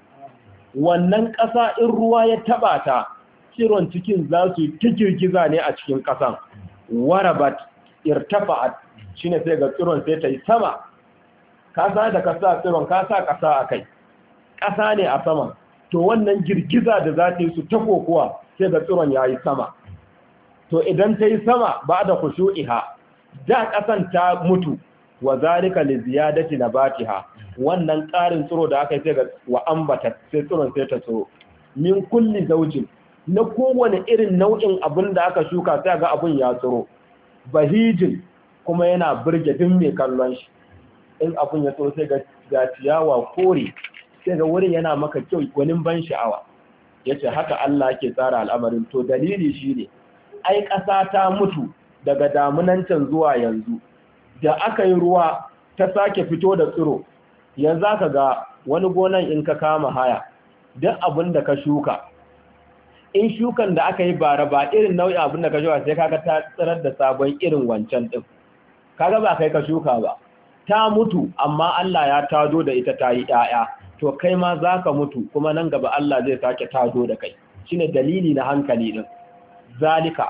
wannan ƙasa in ruwa ya taɓa ta tsiron cikin za su ta girgiza ne a cikin ƙasan warabat shi ne sai ga tsiron sai ta yi sama ka sa da kasa tsiron ka sa kasa a kai ƙasa ne a sama to wannan girgiza da za ta yi su ta kokowa sai ga tsiron ya yi sama to idan ta yi sama ba da kushu'iha da ƙasan ta mutu wa zalika li ziyadati nabatiha wannan ƙarin tsiro da aka yi sai ga wa ambata sai tsiron sai ta tsiro min kulli zaujin na kowane irin nau'in abin da aka shuka sai ga abin ya tsoro bahijin kuma yana birge din mai kallon shi in abin ya tsoro sai ga ciyawa kore sai ga wurin yana maka kyau wani ban sha'awa yace haka Allah ke tsara al'amarin to dalili shi ne ai ƙasa ta mutu daga damunan can zuwa yanzu da aka yi ruwa ta sake fito da tsiro yanzu aka ga wani gonan in ka kama haya duk abin da ka shuka in shukan da aka yi bara ba irin nau'in abin da ka shuka sai kaga ta tsirar da sabon irin wancan din kaga ba kai ka shuka ba ta mutu amma Allah ya tado da ita ta yi ɗaya to kai ma za ka mutu kuma nan gaba Allah zai sake tado da kai shine dalili na hankali din zalika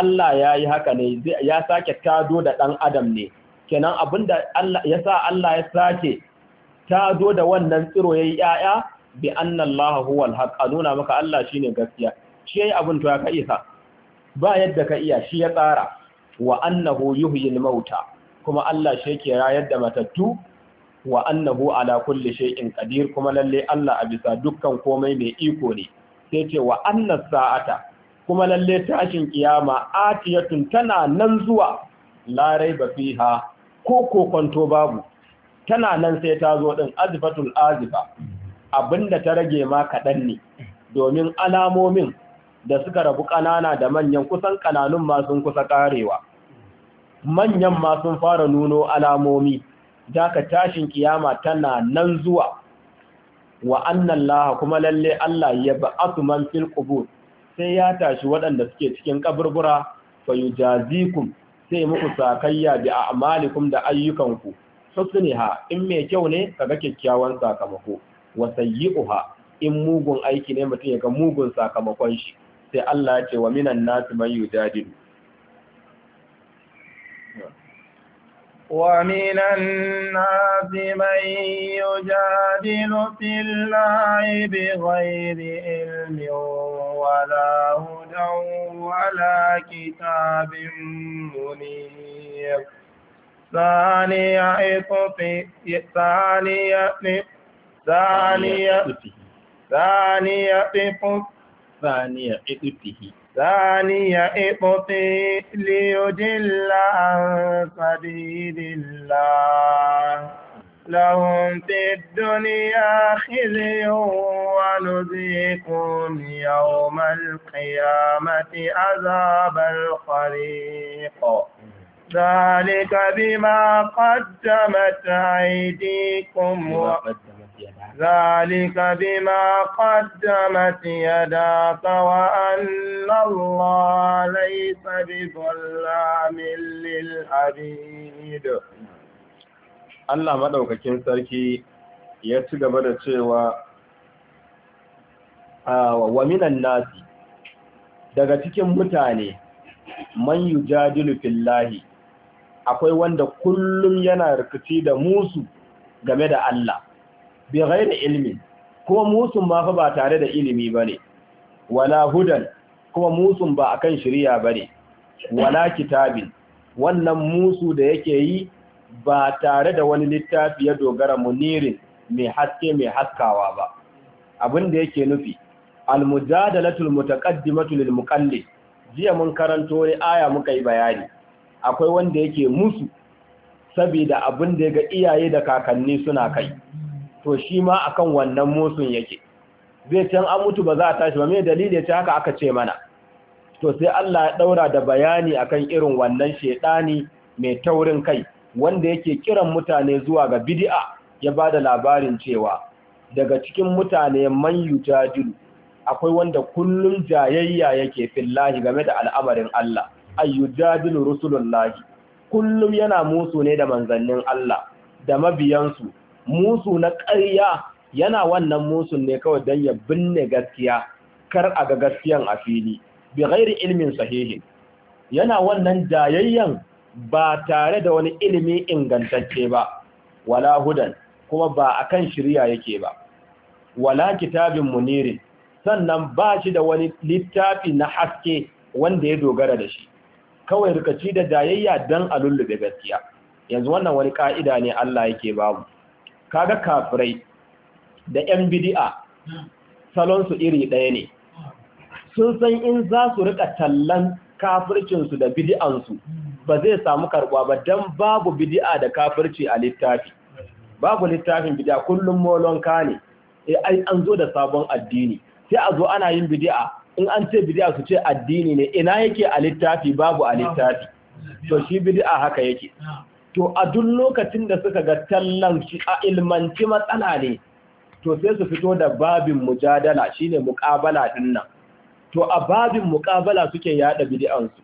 Allah ya yi haka ne ya sake tado da ɗan adam ne kenan abinda Allah ya sa Allah ya sake tado da wannan tsiro yayi 'ya'ya bi anna Allah huwal haqq nuna maka Allah shine gaskiya shi yayi abin to ya ka isa ba yadda ka iya shi ya tsara wa annahu al mauta kuma Allah shi yake rayar da matattu wa annahu ala kulli shay'in qadir kuma lalle Allah a bisa dukkan komai mai iko ne sai ce wa anna sa'ata kuma lalle tashin kiyama atiyatun tana nan zuwa la raiba fiha ko ko kwanto babu tana nan sai ta zo din azfatul azifa abinda ta rage ma kaɗan ne domin alamomin da suka rabu ƙanana da manyan kusan ƙananun ma sun kusa ƙarewa manyan ma sun fara nuno alamomi daga tashin kiyama tana nan zuwa wa annan laha kuma lalle Allah ya ba'atu man fil qubur sai ya tashi waɗanda suke cikin kaburbura fa yujazikum sai muku sakayya bi a'malikum da ayyukanku husniha in mai kyau ne kaga kyakkyawan sakamako uha in mugun aiki ne mutum ya ga mugun sakamakon shi sai Allah ya ce wa minan nasu man yujadilu wa minan nasu man yujadilu fillahi bi ilmi wa la hudan wa la kitabin munir ثانية إطفئ ثانية ثاني ثانية إقته ثانية إقته ليجل عن سبيل الله لهم في الدنيا خزي ونذيقهم يوم القيامة عذاب الخريق ذلك بما قدمت أيديكم وقدمت ذلك بما da يداك وأن الله ليس بظلام للعبيد Allah maɗaukakin sarki ya ci gaba da cewa wa minan nasi daga cikin mutane man yujadilu fillahi akwai wanda kullum yana rikici da musu game da Allah bi ghairi ilmi kuma musun ma fa ba tare da ilimi bane wala hudan kuma musun ba akan shari'a bane wala kitabin wannan musu da yake yi ba tare da wani littafi ya dogara munirin mai haske mai haskawa ba abin da yake nufi almujadalatul mutaqaddimatu lil muqallid jiya mun karanto ne aya muka yi bayani akwai wanda yake musu saboda abin da ga iyaye da kakanni suna kai to shi ma akan wannan musun yake zai can an mutu ba za a tashi ba mai dalilin ce haka aka ce mana to sai Allah ya ɗaura da bayani akan irin wannan shedani mai taurin kai wanda yake kiran mutane zuwa ga bidi'a ya ba da labarin cewa daga cikin mutane man yujadilu akwai wanda kullum jayayya yake fillahi game da al'amarin Allah ayyujadilu rusulullahi kullum yana musu ne da manzannin Allah da mabiyansu musu na ƙarya yana wannan musun ne kawai don ya binne gaskiya kar a ga gaskiyan a fili bi ghairi ilmin sahihin yana wannan jayayyan ba tare da wani ilimi ingantacce ba wala hudan kuma ba akan shirya yake ba wala kitabin munirin sannan ba shi da wani littafi na haske wanda ya dogara da shi kawai rikaci da jayayya don a lullube gaskiya yanzu wannan wani ka'ida ne Allah yake babu kaga kafirai da yan bidi'a salon su iri ɗaya ne sun san in za su rika tallan kafircinsu da su ba zai samu karɓa ba don babu bidi'a da kafirci a littafi babu littafin bid'a kullum molonka ne eh, ai an zo da sabon addini sai a zo ana yin bidi'a in an ce bid'a su ce addini ne ina yake a littafi babu a littafi to shi bid'a haka yake to a duk lokacin da suka ga tallan shi a ilmanci matsala ne to sai su fito da babin mujadala shine muqabala din nan to a babin muqabala suke yada bid'an su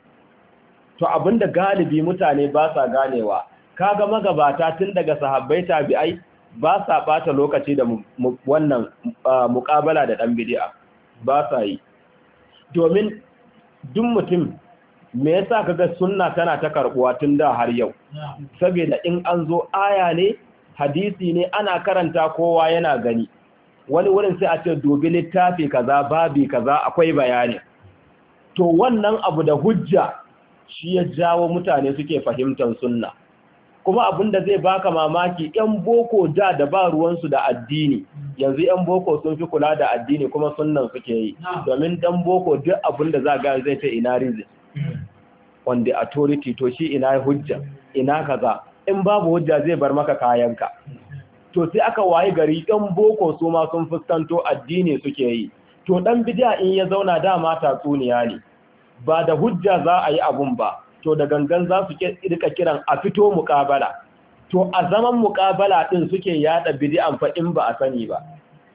to abinda galibi mutane ba sa ganewa ga magabata tun daga sahabbai tabi'ai ba sa bata lokaci da wannan muqabala da dan bid'a ba sa yi domin duk mutum me yasa kaga sunna tana ta karbuwa tun da har yau saboda in an zo aya ne hadisi ne ana karanta kowa yana gani wani wurin sai a ce dubi littafi kaza babi kaza akwai bayani to wannan abu da hujja shi ya jawo mutane suke fahimtar sunna kuma abin da zai baka mamaki yan boko da da ba ruwansu da addini yanzu yan boko sun fi kula da addini kuma sunnan suke yi domin dan boko duk abinda da za ga zai ta ina rizik on the authority to shi ina hujja ina kaza in babu hujja zai bar maka kayanka to sai aka waye gari ɗan boko su ma sun fuskanto addini suke yi to ɗan bid'a in ya zauna dama tatsuniya ne ba da hujja za a yi abun ba to da gangan za su rika kiran a fito muƙabala to a zaman muƙabala ɗin suke yaɗa bidiyan fa in ba a sani ba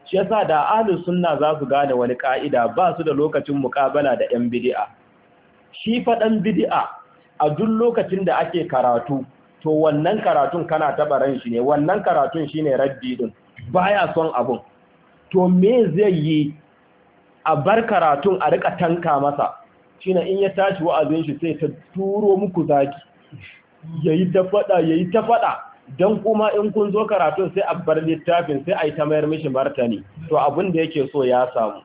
shi yasa da ahlus sunna za su gane wani ka'ida ba su da lokacin muƙabala da 'yan bidi'a shi faɗan bid'a a duk lokacin da ake karatu to wannan karatun kana taɓa ran shi ne wannan karatun shi ne raddi din baya son abun to me zai yi a bar karatun a rika tanka masa shine in ya tashi wa'azin shi sai ta turo muku zaki yayi ta faɗa yayi ta faɗa don kuma in kun zo karatun sai a bar littafin sai a yi ta mayar mishi martani to abun da yake so ya samu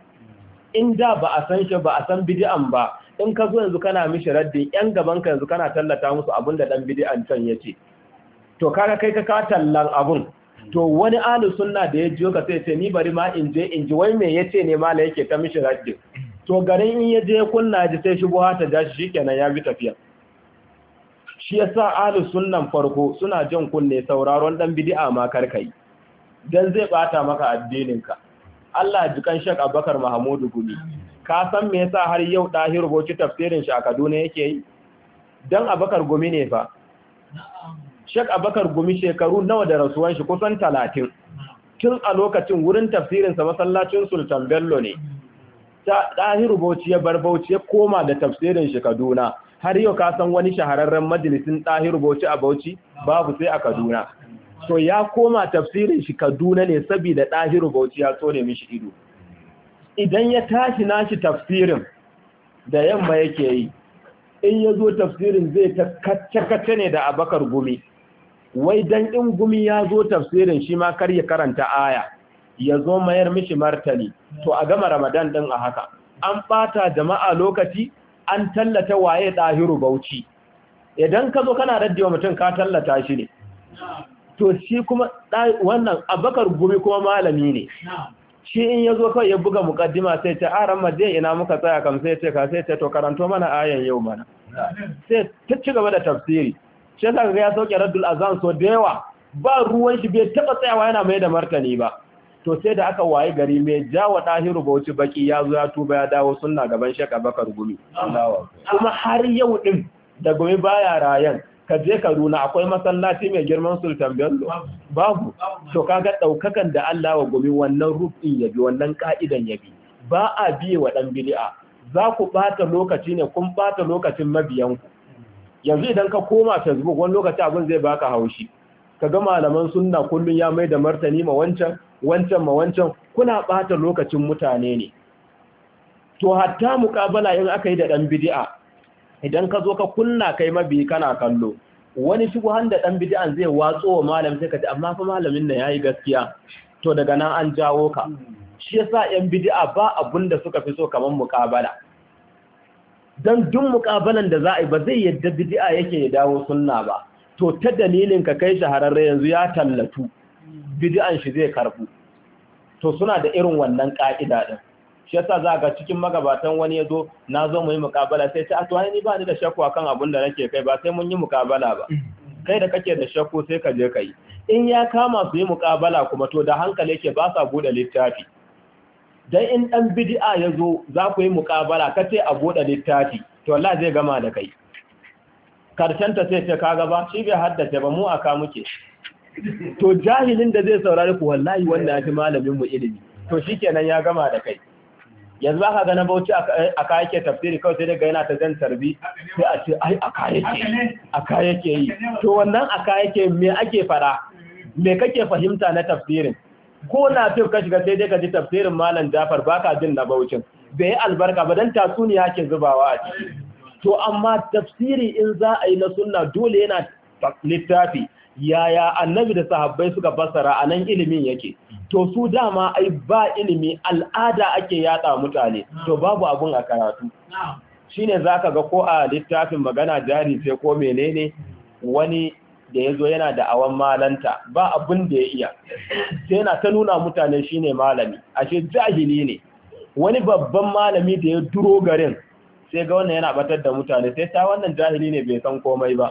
in da ba a san shi ba a san bidi'an ba in ka zo yanzu kana mishi raddi yan gaban ka yanzu kana tallata musu abun da dan bid'an can yace to kaga kai ka ka tallan abun to wani ahlu sunna da ya jiyo ka sai ce ni bari ma in je in ji wai me yace ne mala yake ta mishi raddi to garin in ya je kunna ji sai shi buha ta jashi, shi shikenan ya bi tafiya shi yasa ahlu sunnan farko suna jin kunne sauraron dan bid'a ma karkai dan zai bata maka addinin ka Allah jikan Sheikh Abubakar Mahamudu Gumi ka san me yasa har yau ɗahiru boci tafsirin shi a kaduna yake yi don abakar gumi ne fa shek abakar gumi shekaru nawa da rasuwan shi kusan talatin tun a lokacin wurin tafsirinsa masallacin sultan bello ne ta ɗahiru boci ya bar bauchi ya koma da tafsirin shi kaduna har yau ka san wani shahararren majalisin ɗahiru boci a bauchi babu sai a kaduna so ya koma tafsirin shi kaduna ne saboda ɗahiru bauchi ya tsone mishi ido idan ya tashi nashi tafsirin da yamma yake yi in ya zo tafsirin zai ta kacce-kacce ne da abakar gumi wai dan in gumi ya zo tafsirin shi ma kar ya karanta aya ya zo mayar mishi martali, to a gama ramadan din a haka an bata jama'a lokaci an tallata waye ɗahiru bauchi idan ka zo kana raddiwa mutum ka tallata shi ne to shi kuma wannan abakar gumi kuma malami ne shi in ya zo kawai ya buga mukaddima sai ce aran maje ina muka tsaya kam sai ce ka sai ce to karanto mana ayan yau mana sai ta ci gaba da tafsiri shi yasa ga ya sauke raddul azan so da yawa ba ruwan shi bai taba tsayawa yana mai da martani ba to sai da aka waye gari mai jawa dahiru bauchi baki ya zo ya tuba ya dawo sunna gaban shaka bakar gumi kuma har yau din da gumi baya rayan ka je Kaduna akwai masallaci mai girman Sultan Bello babu to kaga daukakan da Allah wa gumi wannan ya yabi wannan ka'idan yabi ba a biye wa dan bid'a za ku bata lokaci ne kun bata lokacin ku. yanzu idan ka koma Facebook wani lokaci abin zai baka haushi Ka ga malaman sunna kullun ya mai da martani ma wancan wancan ma wancan kuna bata lokacin mutane ne to hatta muƙabala in aka yi da dan bid'a idan ka zo ka kunna kai mabi kana kallo wani shubuhan da dan bid'an zai watso wa malam sai ka ji amma fa malamin nan yayi gaskiya to daga nan an jawo ka shi yasa yan bid'a ba abunda suka fi so kaman muqabala dan duk muqabalan da za a yi ba zai yadda bid'a yake ya dawo sunna ba to ta dalilin ka kai shahararre yanzu ya tallatu bid'an shi zai karbu to suna da irin wannan ka'ida din shi yasa za ga cikin magabatan wani ya zo na zo mu yi mukabala sai ce a to ni ba ni da shakku akan abin da nake kai ba sai mun yi mukabala ba mm. kai da kake da shakku sai ka je kai in ya kama su yi mukabala kuma to da hankali yake ba sa bude littafi dan in dan bid'a ya zo za ku yi mukabala ka ce a bude littafi to Allah zai gama da kai karshenta sai ce kaga ba shi bai haddace ba mu aka muke to jahilin da zai saurari ku wallahi wannan ya fi malamin mu ilimi to shikenan ya gama da kai yanzu ba ka ganin bauchi a kaya ke tafsiri kawai sai daga yana ta zan tarbi sai a ce ai a ke a yi to wannan a kaya ke me ake fara me kake fahimta na tafsirin ko na fi ka shiga sai dai ka ji tafsirin malam jafar ba ka jin na bauchin bai yi albarka ba don tatsuniya ke zubawa a ciki to amma tafsiri in za a yi na sunna dole yana littafi yaya annabi da sahabbai suka basara a nan ilimin yake to su dama ai ba ilimi al'ada ake yada mutane to babu abun a karatu shine zaka ga ko a littafin magana jari sai ko menene wani da yazo yana da awan malanta ba abun da ya iya sai yana ta nuna mutane shine malami ashe jahili ne wani babban malami da ya duro garin sai ga wannan yana batar da mutane sai ta wannan jahili ne bai san komai ba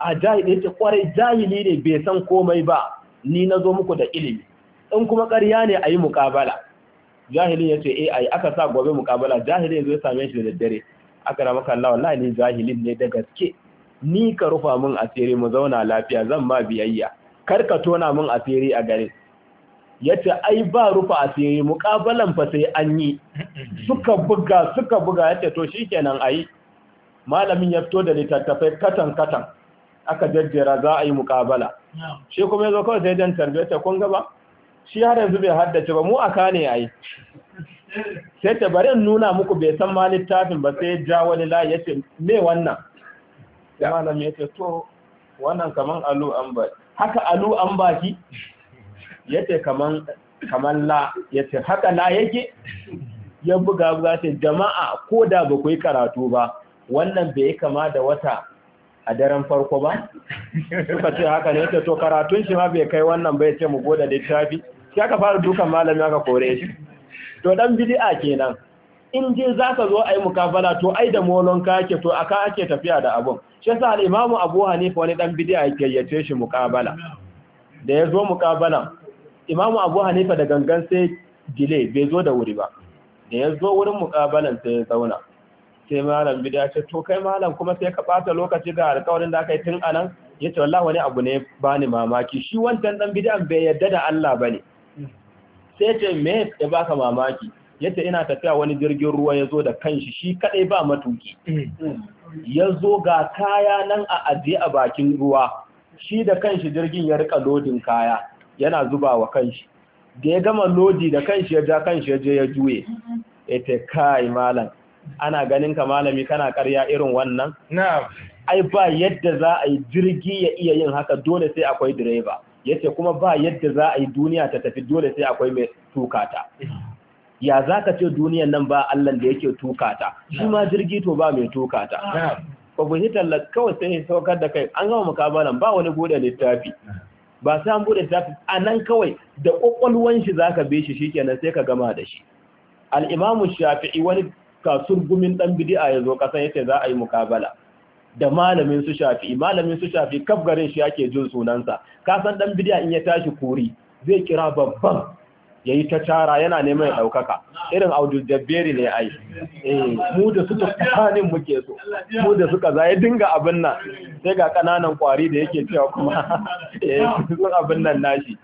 a jahili ce kwarai jahili ne bai san komai ba ni na zo muku da ilimi in kuma ƙarya ne a yi muƙabala jahilin ya ce eh, ai aka sa gobe muƙabala jahilin zai same shi da daddare aka rama kallawa wallahi ni jahilin ne da gaske ni ka rufa min asiri mu zauna lafiya zan ma biyayya kar ka tona min asiri a gare yace ai ba rufa asiri muƙabalan fa sai an yi suka buga suka buga yace to shikenan ayi malamin ya fito da littattafai katan katan aka jajjera za a yi muƙabala shi kuma ya zo kawai sai jan tarbiyyar ta kun gaba shi har yanzu bai haddace ba mu aka ne ai sai ta bari in nuna muku bai san ma littafin ba sai ja wani layi yace me wannan Malam ya yace to wannan kaman alu an ba haka alu an baki yace kaman kaman la yace haka la yake ya buga buga sai jama'a ko da ba ku yi karatu ba wannan bai kama da wata a daren farko ba suka ce haka ne yace to karatun shi ma bai kai wannan ba yace mu goda littafi sai aka fara dukan malami aka kore shi to dan bid'a kenan in je zaka zo ai mukabala to ai da molon ka ke, to aka ake tafiya da abun shi yasa al-imamu Abu Hanifa wani dan bid'a yake yace shi mukabala da ya zo mukabala imamu Abu Hanifa da gangan sai dile bai zo da wuri ba da ya zo wurin mukabalan sai ya zauna sai malam bid'a ce to kai malam kuma sai ka bata lokaci ga alƙawarin da kai yi tun anan yace wallahi wani abu ne bani mamaki shi wancan dan bid'an bai yadda da Allah bane sai ce me ya baka mamaki yace ina tafiya wani jirgin ruwa ya zo da kanshi shi kadai ba matuki ya zo ga kaya nan a ajiye a bakin ruwa shi da kanshi jirgin ya rika lodin kaya yana zuba wa kanshi da ya gama lodi da kanshi ya ja kanshi ya je ya juye ita kai malam ana ganin ka malami kana karya irin wannan na'am ai ba yadda za a yi jirgi ya iya yin haka dole sai akwai direba yace kuma ba yadda za a yi duniya ta tafi dole sai akwai mai tukata ya za ka ce duniyan nan ba Allah da yake tukata shi ma jirgi to ba mai tukata ba ku tallar kawai sai ya saukar da kai an gama mukabalan ba wani bude littafi ba sai an bude littafi a nan kawai da kwakwalwan shi za ka bi shi kenan sai ka gama da shi al'imamu shafi'i wani kasur gumin dan bidi'a ya zo kasan yace za a yi mukabala da malamin su shafi malamin su shafi kaf garin shi yake jin sunansa ka san dan bidiya in ya tashi kuri zai kira babban yayi ta tara yana neman ya daukaka irin Abdul Jabberi ne ai eh mu da su kanin muke so mu da suka zai dinga abin nan sai ga kananan kwari da yake cewa kuma eh sun abin nan nashi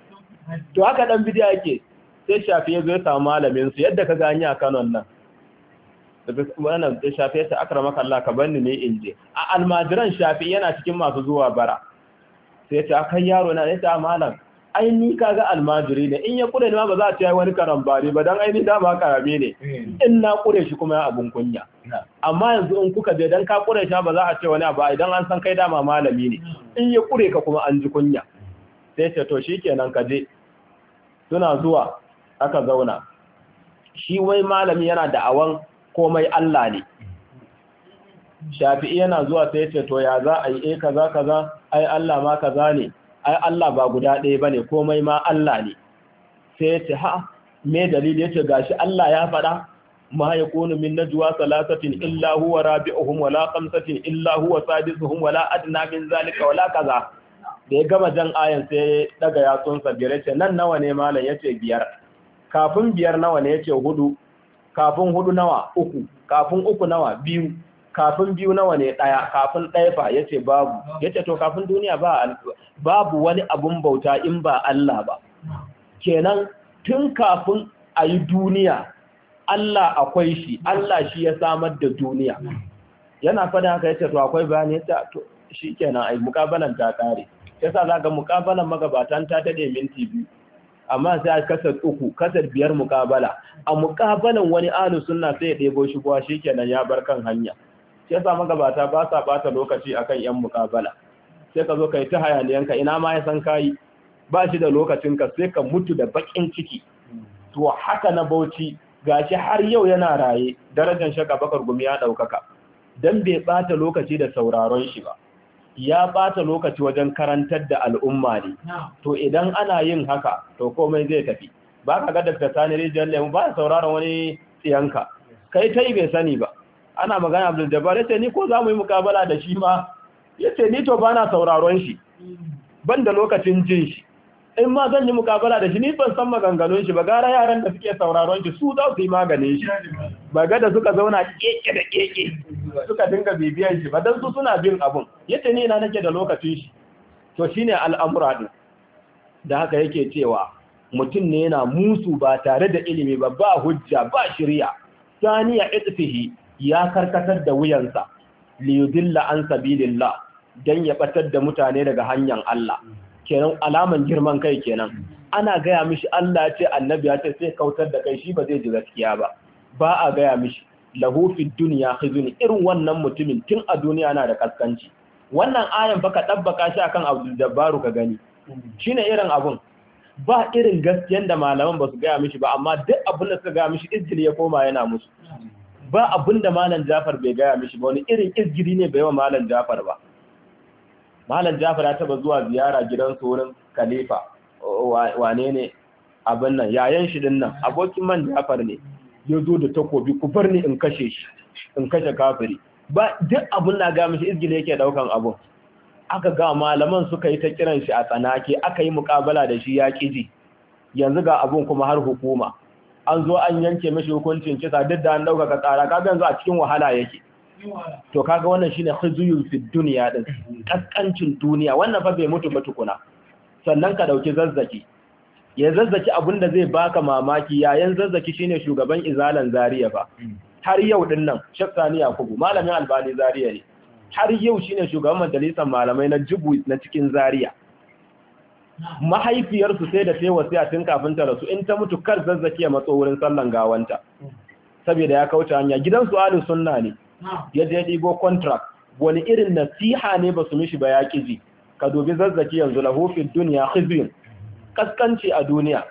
to haka dan bidiya yake sai shafi ya zo ya samu malamin su yadda ka gani a kanon nan wannan da shafi ya ce akramaka Allah ka banni ne in je a almajiran shafi yana cikin masu zuwa bara sai ya ce akai yaro na ya ce a malam ai ni kaga almajiri ne in ya kure ni ma ba za a ce wani karambari ba dan aini dama karame ne hmm. in na kure shi kuma abun kunya amma yanzu in kuka je dan ka kure shi ba za a ce wani abu idan an san kai dama malami ne hmm. in ya kure ka kuma an ji kunya sai ce to shikenan ka je suna zuwa aka zauna shi wai malami yana da awan komai Allah ne shafi'i yana zuwa sai ce to ya za a yi eh kaza kaza ai Allah ma kaza ne ai Allah ba guda ɗaya ba ne. komai ma Allah ne sai ya ce ha me dalili ya ce gashi Allah ya faɗa ma ya kunu min najwa salasatin illa huwa rabi'uhum wala khamsatin illa huwa sadisuhum wala adna min zalika wala kaza da ya gama jan ayan sai daga yatsunsa biyar ce nan nawa ne malam ya ce biyar kafin biyar nawa ne ya ce hudu kafin hudu nawa uku kafin uku nawa biyu kafin biyu nawa ne ɗaya kafin ɗaya fa yace babu yace to kafin duniya ba babu wani abun bauta in ba Allah ba kenan tun kafin ayi duniya Allah akwai shi Allah shi ya samar da duniya yana fada haka yace to akwai bayani yace to shi ai mukabalan ta kare yasa za mukabalan magabatan ta daɗe minti biyu amma sai a kasar uku kasar biyar mukabala, a mukabalan wani alu sunna sai ya ɗebo shi kuwa shi kenan ya bar kan hanya shi yasa magabata ba sa ɓata lokaci akan yan mukabala? sai ka zo ka yi ta hayaniyanka ina ma ya san kayi ba shi da lokacinka sai ka mutu da baƙin ciki to haka na bauchi gashi har yau yana raye darajar shaka bakar gumi ya ɗaukaka don bai ɓata lokaci da sauraron shi ba ya bata lokaci wajen karantar da al'umma ne to idan ana yin haka to komai zai tafi ba ka ga ta Sani Rijiyar Lemu ba sauraron wani tsiyanka kai ta yi bai sani ba ana magana da Jabbar yace ni ko za mu yi mukabala da shi ma yace ni to bana sauraron shi ban da lokacin jin shi in ma zan yi mukabala da shi ni ban san maganganun shi ba gara yaran da suke sauraron shi su za su yi maganin shi ba ga da suka zauna keke da keke suka dinga bibiyan shi ba dan su suna bin abun yace ni na nake da lokacin shi to shine al'amura din da haka yake cewa mutum ne yana musu ba tare da ilimi ba ba hujja ba shari'a saniya itfihi ya karkatar da wuyansa yudilla an sabilillah dan ya batar da mutane daga hanyar Allah kenan alaman girman kai kenan ana gaya mishi Allah ce annabi ya ce sai kautar da kai shi ba zai ji gaskiya ba ba a gaya mishi lahu fid dunya irin wannan mutumin tun a duniya na da kaskanci wannan ayan baka ka tabbaka shi akan Abdul Jabbaru ka gani shine irin abun ba irin gaskiyan da malaman ba su gaya mishi ba amma duk abin da suka gaya mishi izgiri ya koma yana musu ba abin da malam Jafar bai gaya mishi ba wani irin izgiri ne bai wa malam Jafar ba malam jafar ya taba zuwa ziyara gidan wurin khalifa wane ne abin nan yayan shi din nan abokin man jafar ne ya zo da takobi ku bar ni in kashe shi in kashe kafiri ba duk abin na ga mishi izgile yake daukan abun aka ga malaman suka yi ta kiran shi a tsanake aka yi mukabala da shi ya kiji yanzu ga abun kuma har hukuma an zo an yanke mishi hukuncin kisa duk da an dauka ka tsara kaga yanzu a cikin wahala yake to kaga wannan shine khuzuyun fi dunya din kaskancin duniya wannan fa bai mutu ba tukuna sannan ka dauki zazzaki ya zazzaki abinda zai baka mamaki yayin zazzaki shine shugaban izalan zariya ba har yau din nan Sheikh Sani Yakubu malamin Albani Zariya ne har yau shine shugaban majalisar malamai na Jibu na cikin Zariya mahaifiyarsu sai da sai wasiya tun kafin ta rasu in ta mutu kar zazzaki ya matso wurin sallan gawanta saboda ya kauce hanya gidan su sunna ne ya je ɗigo contract wani irin nasiha ne ba su mishi ba ya ji. ka dubi zazzaki yanzu lahofin duniya hizbin kaskanci a duniya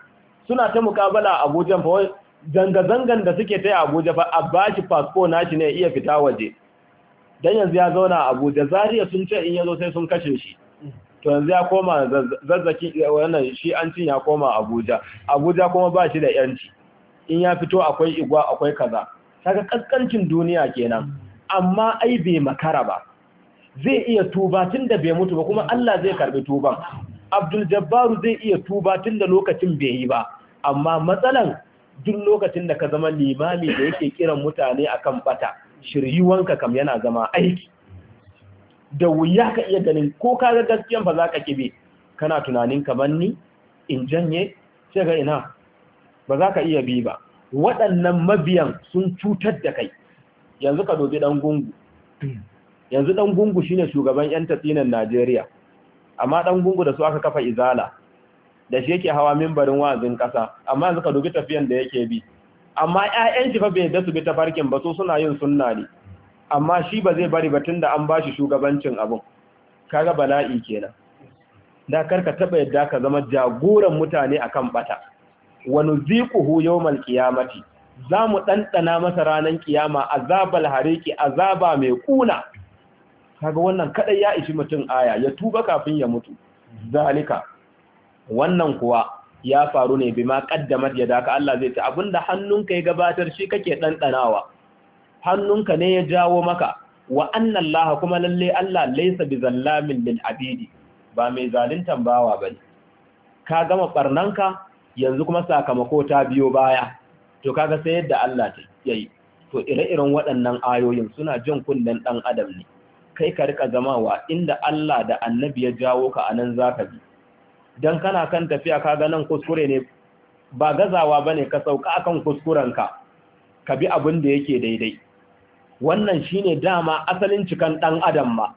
suna ta mukabala a abuja fa zanga-zangan da suke ta yi abuja fa a ba shi fasfo na shi ne iya fita waje don yanzu ya zauna a abuja zariya sun ce in ya zo sai sun kashe shi to yanzu ya koma zazzaki wannan shi an cin ya koma abuja abuja kuma ba shi da yanci in ya fito akwai igwa akwai kaza Saka kaskancin duniya kenan amma ai bai makara ba zai iya tuba tun da bai mutu ba kuma Allah zai karbi tuban Abdul Jabbaru zai iya tuba tun da lokacin bai yi ba amma matsalan duk lokacin da ka zama limami da yake kiran mutane akan bata shiryuwanka kam yana zama aiki da wuya ka iya ganin ko ka ga gaskiyan ba za ka kibe kana tunanin ka ni in janye sai ga ina ba za ka iya bi ba waɗannan mabiyan sun cutar da kai yanzu ka dobi dan gungu yanzu dan gungu shine shugaban yan tatsinan Najeriya amma dan gungu da su aka kafa izala da shi yake hawa mimbarin wa'azin kasa amma yanzu ka dobi tafiyan da yake bi amma ƴaƴan shi fa bai da su bi tafarkin ba su suna yin sunna ne amma shi ba zai bari ba tunda an bashi shugabancin abun kaga bala'i kenan da karka taba yadda ka zama jagoran mutane akan bata wa nuziquhu yawmal qiyamati za mu ɗanɗana masa ranar ƙiyama azabal hariki azaba mai kuna kaga wannan kaɗai ya ishi mutum aya ya tuba kafin ya mutu zalika wannan kuwa ya faru ne bima ƙaddamar ya daka Allah zai ce abinda hannunka ya gabatar shi kake ɗanɗanawa hannunka ne ya jawo maka wa annan laha kuma lalle Allah laisa bi zallamin lil abidi ba mai zaluntan bawa bane ka gama barnanka yanzu kuma sakamako ta biyo baya to kaga sai yadda Allah ta yi. to ire-iren waɗannan ayoyin suna jin kunnen ɗan adam ne kai ka rika zamawa inda Allah da annabi ya jawo ka anan ka bi dan kana kan tafiya kaga nan kuskure ne ba gazawa ba ne ka sauka kan kuskurenka ka bi abin da yake daidai wannan shine dama asalin cikan ɗan adam ma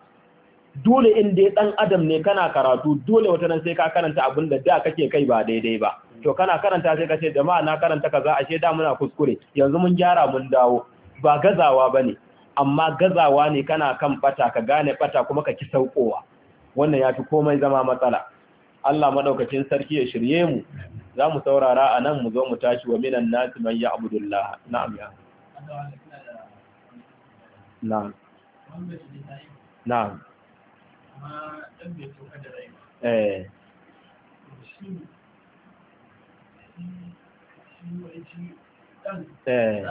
dole in dai dan adam ne kana karatu dole wata nan sai ka karanta abin da da kake kai ba daidai ba to kana karanta sai ka ce jama'a na karanta kaza ashe da muna kuskure yanzu mun gyara mun dawo ba gazawa bane amma gazawa ne kana kan bata ka gane bata kuma ka ki saukowa wannan yafi komai zama matsala Allah madaukakin sarki ya shirye mu za mu saurara a nan mu zo mu tashi wa minan nasi man ya abudullah na'am ya na'am eh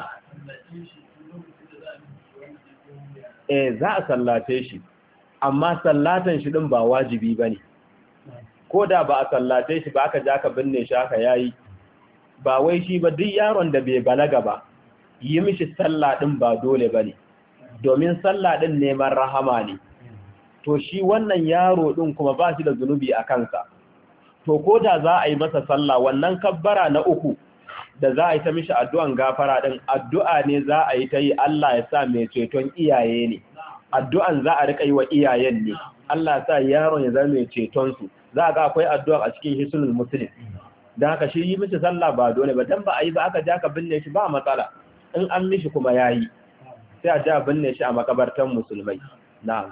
eh za a sallace shi amma sallatan shi ɗin ba wajibi ba ne ko da ba a sallace shi ba aka ja ka binne shi aka yayi ba wai shi ba duk yaron da bai balaga ba yi mishi sallah ɗin ba dole ba ne domin sallah ɗin neman rahama ne to shi wannan yaro ɗin kuma ba shi da zunubi a kansa to ko da za a yi masa sallah wannan kabbara na uku da za a yi ta mishi addu'an gafara ɗin addu'a ne za a yi ta yi Allah ya sa mai ceton iyaye ne addu'an za a riƙa yi wa iyayen ne Allah ya sa yaron ya zama mai su. za a ga akwai addu'a a cikin hisulul musulun da haka shi yi mishi sallah ba dole ba dan ba a yi ba aka ja ka binne shi ba matsala in an mishi kuma yayi sai a ja binne shi a makabartan musulmai na'am